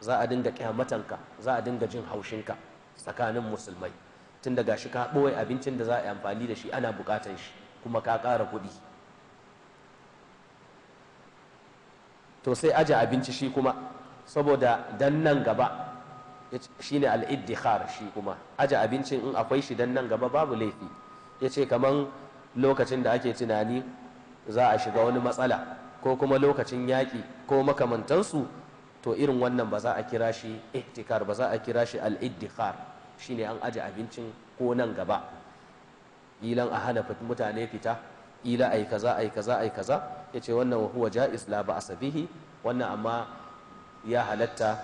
za a dinga kyamatanka za a dinga jin haushinka tsakanin musulmai tun daga shi ka ɓoye abincin da za a yi amfani da shi ana buƙatan shi kuma ka ƙara kuɗi to sai aje abinci shi kuma saboda dan nan gaba ne al'iddi iddikhar shi kuma aje abincin in akwai shi dan nan gaba babu laifi ya ce kamar lokacin da ake tunani za a shiga wani matsala ko kuma lokacin yaƙi ko makamantansu to irin wannan ba za a kira shi ihtikar ba za a kira shi al shi ne an aje abincin ko nan gaba ilan a hana mutane fita ila ai kaza ai kaza ai kaza yace wannan huwa jaiz la ba'sa bihi wannan amma ya halatta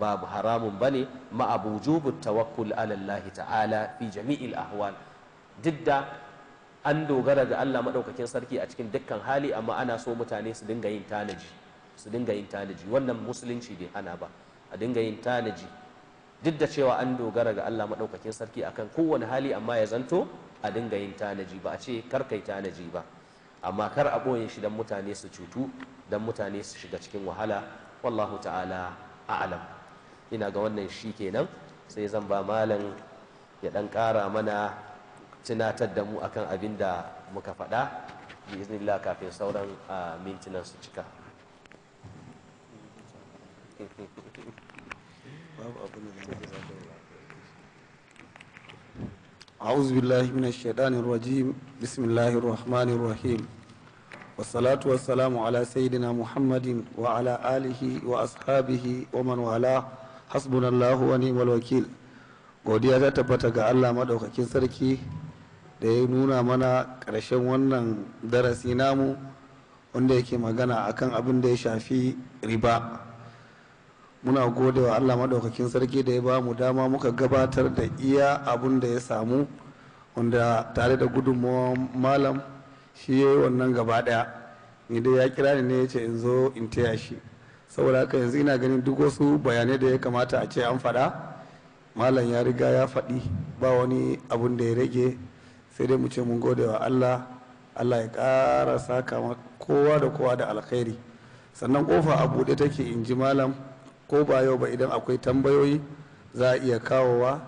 babu haramun bane ma abujubu tawakkul ala Allah ta'ala fi jami'il ahwal duk da an dogara ga Allah maɗaukakin sarki a cikin dukkan hali amma ana so mutane su dinga yin tanaji su dinga yin tanaji wannan musulunci bai hana ba a dinga yin tanaji duk da cewa an dogara ga Allah maɗaukakin sarki akan kowane hali amma ya zanto a dinga yin tanaji ba a ce kar tanaji ba amma kar a ɓoye shi don mutane su cutu don mutane su shiga cikin wahala wallahu ta'ala a'lam ina ga wannan shi kenan sai zan ba malam ya ɗan ƙara mana tunatar da mu akan abin da muka faɗa bi iznillah kafin sauran mintunan su cika babu abin da أعوذ بالله من الشيطان الرجيم بسم الله الرحمن الرحيم والصلاة والسلام على سيدنا محمد وعلى آله وأصحابه ومن والاه حسبنا الله ونعم الوكيل godiya ta tabbata ga Allah maɗaukakin sarki da ya nuna mana ƙarshen wannan darasi namu wanda yake magana akan abin da ya shafi riba muna gode wa allah maɗaukakin sarki da ya ba mu dama muka gabatar da iya abun da ya samu wanda tare da gudunmawar malam shi ya yi wannan gaba ɗaya ni dai ya kira ni ne ya ce in zo in taya shi saboda haka yanzu ina ganin duk wasu bayanai da ya kamata a ce an faɗa malam ya riga ya faɗi ba wani abun da ya rage sai dai mu ce mun gode wa allah allah ya ƙara kama kowa da kowa da alkhairi sannan kofa a buɗe take in ji malam ko ba yau ba idan akwai tambayoyi za a iya kawowa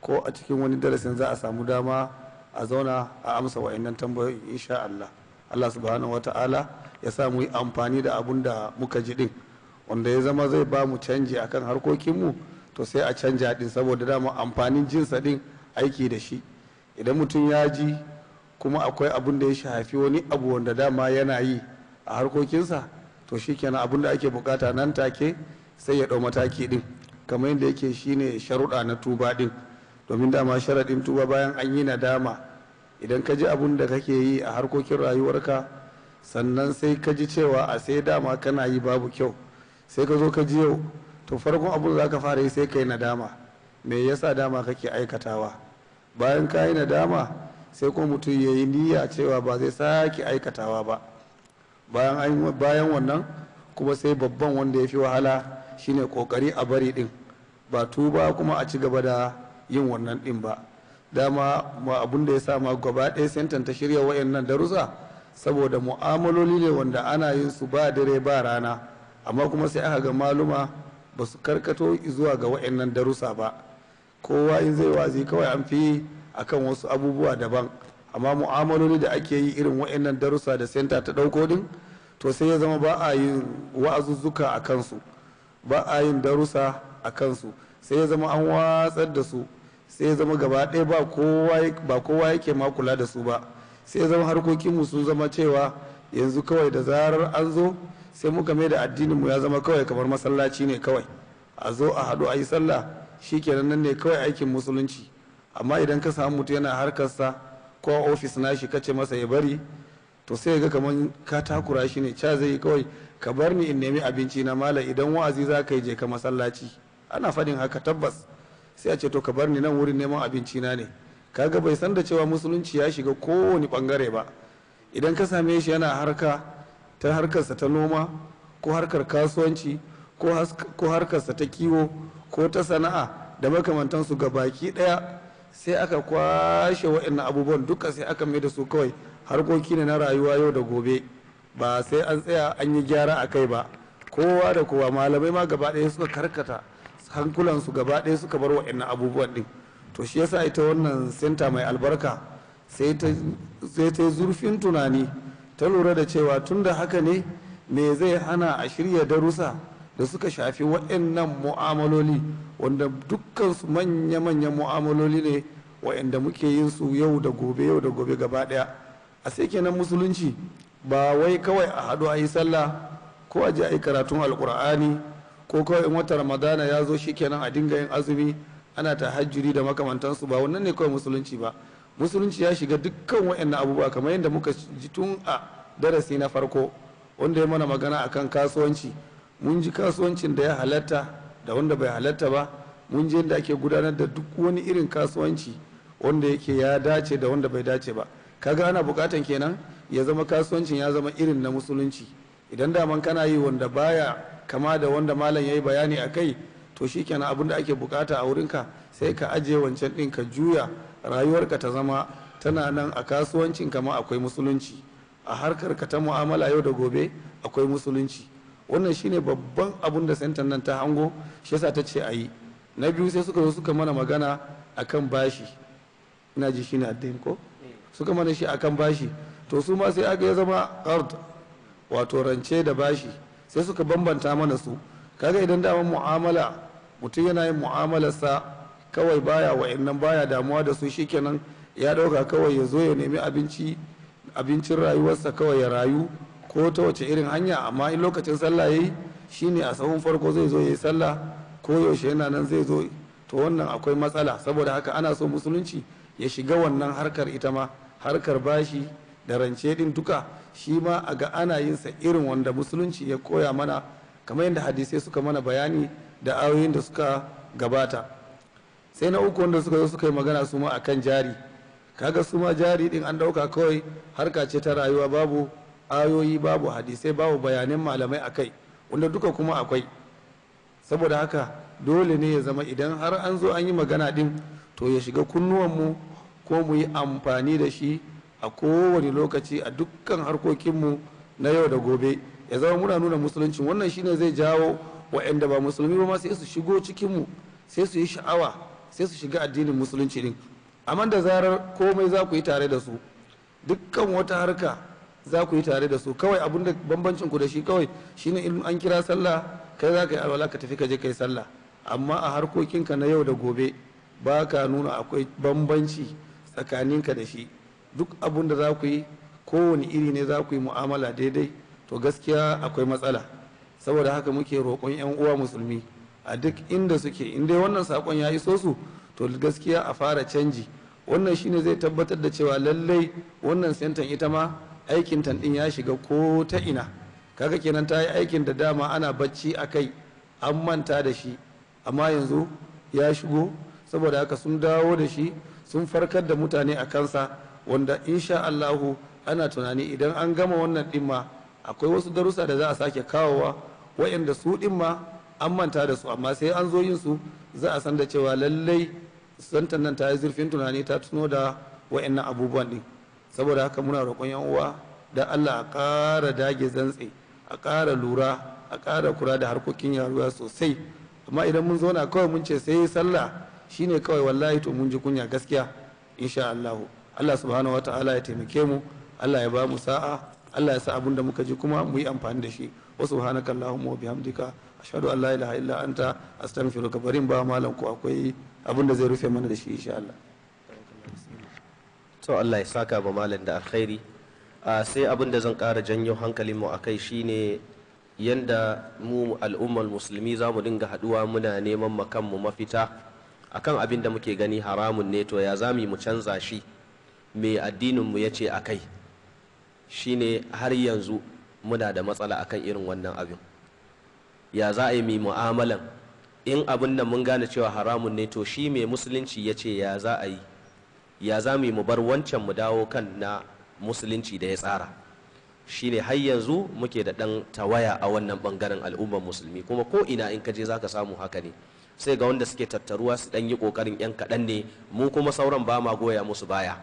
ko a cikin wani darasin za a samu dama a zauna a amsa wa'annan tambayoyi insha Allah Allah subhanahu wata'ala ya sa mu yi amfani da abun da muka ji din wanda ya zama zai ba mu canji akan harkokinmu to sai a canja din saboda dama amfanin jinsa din aiki da shi idan mutum ya ji kuma akwai abun da ya shafi wani abu wanda dama yana yi a harkokinsa to shi kenan abun da ake bukata nan take sai ya ɗau mataki ɗin kamar yadda yake shine sharuɗa na tuba ɗin domin dama sharaɗin tuba bayan an yi nadama idan ka ji abun da kake yi a harkokin rayuwarka sannan sai ka ji cewa a sai dama kana yi babu kyau sai ka zo ka ji yau to farkon abun za ka fara yi sai ka yi nadama me yasa dama kake aikatawa bayan ka yi nadama sai kuma mutum ya yi niyya cewa ba zai sake aikatawa ba bayan wannan kuma sai babban wanda ya fi wahala shine kokari a bari din ba tuba kuma a ci gaba da yin wannan din ba dama ma abun da ya sa ma gaba ɗaya sentan ta shirya nan darusa saboda mu'amaloli ne wanda ana yin su ba dare ba rana amma kuma sai aka ga maluma ba su karkato zuwa ga nan darussa ba kowa in zai wazi kawai an fi akan wasu abubuwa daban amma mu'amaloli da ake yi irin nan darussa da senta ta ɗauko din to sai ya zama ba a yin wa'azuzzuka a kansu ba a yin darussa a kansu sai ya zama an watsar da su sai ya zama gaba ɗaya ba kowa yake ma kula da su ba sai ya zama harkokinmu sun zama cewa yanzu kawai da zarar an zo sai muka mai da addininmu ya zama kawai kamar masallaci ne kawai a zo a haɗu a yi sallah shi kenan nan ne kawai aikin musulunci amma idan ka samu mutu yana harkarsa ko ofis nashi shi ce masa ya bari to sai ya ga kamar ka takura shi ne ca zai yi kawai ka bar ni in nemi abinci na mala idan wa'azi za ka yi je ka masallaci ana fadin haka tabbas sai a ce to ka bar ni nan wurin neman abinci na ne kaga bai san da cewa musulunci ya shiga kowane bangare ba idan ka same shi yana harka ta harkarsa ta noma ko harkar kasuwanci ko harkarsa ta kiwo ko ta sana'a da makamantansu ga baki daya sai aka kwashe waɗannan abubuwan duka sai aka mai da su kawai harkoki ne na rayuwa yau da gobe ba sai an tsaya an yi gyara a kai ba kowa da kowa malamai ma gaba ɗaya suka karkata hankulansu gaba ɗaya suka bar wa'annan abubuwan ɗin to shi yasa ita wannan senta mai albarka sai ta yi zurfin tunani ta lura da cewa tun da haka ne me zai hana a shirya darussa da suka shafi wa'annan mu'amaloli wanda dukkansu manya-manyan mu'amaloli ne wa'anda muke yin su yau da gobe yau da gobe gaba ɗaya a sai kenan musulunci ba wai kawai a haɗu a yi sallah ko a ji a yi karatun alkur'ani ko kawai in wata ramadana ya zo kenan a dinga yin azumi ana ta hajjuri da makamantansu ba wannan ne kawai musulunci ba musulunci ya shiga dukkan wa'annan abubuwa kamar yadda muka ji tun a darasi na farko wanda ya mana magana a kan kasuwanci mun ji kasuwancin da ya halatta da wanda bai halatta ba mun ji yadda ake gudanar da duk wani irin kasuwanci wanda yake ya dace da wanda bai dace ba kaga ana bukatan kenan ya zama kasuwancin ya zama irin na musulunci idan daman kana yi wanda baya kama da wanda malam ya yi bayani a kai to shi kenan abin da ake bukata a wurinka sai ka ajiye wancan din ka juya rayuwarka ta zama tana nan a kasuwancin kama akwai musulunci a harkar ka ta mu'amala yau da gobe akwai musulunci wannan shine babban abun da sentan nan ta hango shi yasa ta ce a na biyu sai suka zo suka mana magana akan bashi ina ji shine addin ko eh. suka mana shi akan bashi to su ma sai aka ya zama ard wato rance da bashi sai suka bambanta mana su kaga idan dama mu'amala mutum yana yin mu'amalarsa kawai baya wa wa'annan baya damuwa da su shikenan ya ɗauka kawai ya zo ya nemi abinci abincin rayuwarsa kawai ya rayu ko ta wace irin hanya amma in lokacin sallah yayi shine a sahun farko zai zo yayi sallah ko yaushe yana nan zai zo to wannan akwai matsala saboda haka ana so musulunci ya shiga wannan harkar ita ma harkar bashi da rance din duka shi ma a ga ana yin sa irin wanda musulunci ya koya mana kamar yadda hadisai suka mana bayani da ayoyin da suka gabata sai na uku wanda suka zo suka yi magana su ma akan jari kaga su ma jari din an dauka kawai harka ce ta rayuwa babu ayoyi babu hadisai babu bayanan malamai akai wanda duka kuma akwai saboda haka dole ne ya zama idan har an zo an yi magana din to ya shiga kunnuwan mu ko mu yi amfani da shi a kowane lokaci a dukkan harkokinmu na yau da gobe ya zama muna nuna musulunci wannan shine zai jawo waɗanda ba musulmi ba ma sai su shigo cikinmu sai su yi sha'awa sai su shiga addinin musulunci din amma da zarar komai za ku yi tare da su dukkan wata harka za ku yi tare da su kawai abin da bambancin ku da shi kawai shine in an kira sallah kai za ka yi alwala ka tafi ka je kai sallah amma a harkokinka na yau da gobe ba ka nuna akwai bambanci tsakaninka da shi duk abun da za ku yi kowane iri ne za ku yi mu'amala daidai to gaskiya akwai matsala saboda haka muke roƙon 'yan uwa musulmi a duk inda suke in dai wannan saƙon ya iso su to gaskiya a fara canji wannan shine zai tabbatar da cewa lallai wannan sentan ita ma aikin tanɗin ya shiga ko ta ina kaga kenan ta yi aikin da dama ana bacci a kai an manta da shi amma yanzu ya shigo saboda haka sun dawo da shi sun farkar da mutane a kansa wanda insha Allahu ana tunani idan an gama wannan din akwai wasu darussa da za a sake kawowa wa'inda su din an manta da su amma sai an zo yin su za a san da cewa lallai santan nan ta yi zurfin tunani ta tuno da waɗannan abubuwan din saboda haka muna roƙon yan uwa da Allah a ƙara dage zantse a ƙara lura a ƙara kura da harkokin yaruwa sosai amma idan mun zauna kawai mun ce sai sallah shine kawai wallahi to mun ji kunya gaskiya insha Allahu Allah subhanahu ta'ala ya taimake mu Allah ya ba mu sa'a Allah ya sa abin da muka ji kuma mu yi amfani da shi wa subhanaka allahumma wa bihamdika ashhadu an la ilaha illa anta astaghfiruka barin ba malam ko akwai abin da zai rufe mana da shi insha Allah to Allah ya saka ba malam da alkhairi sai abin da zan ƙara janyo hankalin mu akai shine yanda mu al'ummar musulmi za mu dinga haduwa muna neman makanmu mafita akan abin da muke gani haramun ne to ya zami mu canza shi mai addininmu ya ce a kai shine har yanzu muna da matsala akan irin wannan abin ya za a yi mu'amalan in abin nan mun gane cewa haramun ne to shi mai musulunci ya ce ya za a yi ya za mu bar wancan mu dawo kan na musulunci da ya tsara shine har yanzu muke da ɗan tawaya a wannan bangaren al'ummar musulmi kuma ko ina in ka je za ka samu haka ne sai ga wanda suke tattaruwa su dan yi kokarin 'yan kaɗan ne mu kuma sauran ba ma goya musu baya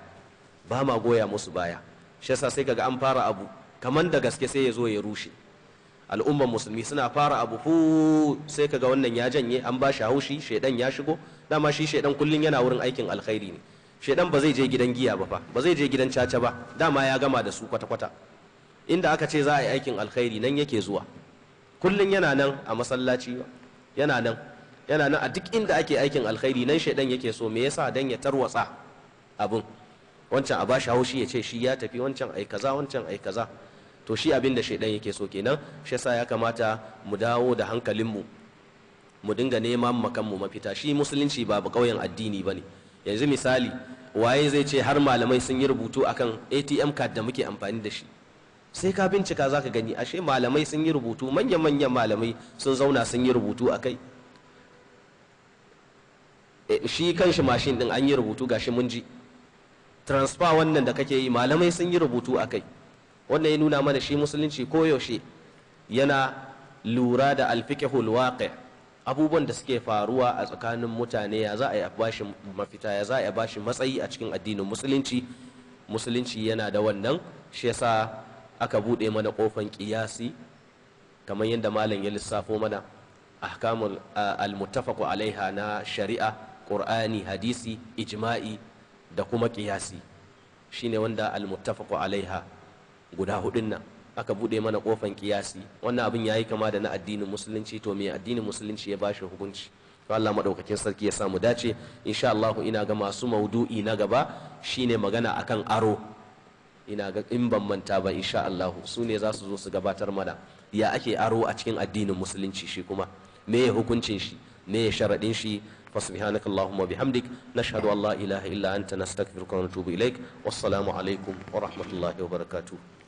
ba ma goya musu baya shi yasa sai kaga an fara abu kaman da gaske sai ya zo ya rushe al'umman musulmi suna fara abu fu sai kaga wannan ya janye an ba shi haushi shaidan ya shigo dama shi shaidan kullun yana wurin aikin alkhairi ne shaidan ba zai je gidan giya ba fa ba zai je gidan caca ba dama ya gama da su kwata kwata inda aka ce za a yi aikin alkhairi nan yake zuwa kullun yana nan a masallaci yana nan yana nan a duk inda ake aikin alkhairi nan shaidan yake so me yasa dan ya tarwatsa abun wancan a bashi haushi ya ce shi ya tafi wancan ai kaza wancan ai kaza to shi abin da shaidan yake so kenan shi yasa ya kamata mu dawo da hankalinmu mu dinga neman makanmu mafita shi musulunci ba kauyen addini ba ne yanzu misali waye zai ce har malamai sun yi rubutu akan atm card da muke amfani da shi sai ka bincika zaka gani ashe malamai sun yi rubutu manya manyan malamai sun zauna sun yi rubutu a kai eh, shi mashin din an yi rubutu gashi mun ji transfer wannan da kake yi malamai sun yi rubutu a kai wannan ya nuna mana shi musulunci koyaushe yana lura da alfikihul waqi abubuwan da suke faruwa a tsakanin mutane ya za a yi bashi mafita ya za a yi bashi matsayi a cikin addinin musulunci musulunci yana da wannan shi yasa aka bude mana kofan kiyasi kamar yadda malam ya lissafo mana ahkamul al-muttafaq alaiha na shari'a qur'ani hadisi ijma'i da kuma kiyasi shine wanda almuttafaqu alaiha guda hudun nan aka bude mana kofan kiyasi wannan abin yayi kama da na addinin musulunci to me addinin musulunci ya bashi hukunci to Allah madaukakin sarki ya sa mu dace insha Allah ina ga masu maudu'i na gaba shine magana akan aro ina ga in ban manta ba insha Allah su ne za su zo su gabatar mana ya ake aro a cikin addinin musulunci shi kuma me hukuncin shi me sharadin shi وسبحانك اللهم وبحمدك نشهد أن لا إله إلا أنت نستغفرك ونتوب إليك والسلام عليكم ورحمة الله وبركاته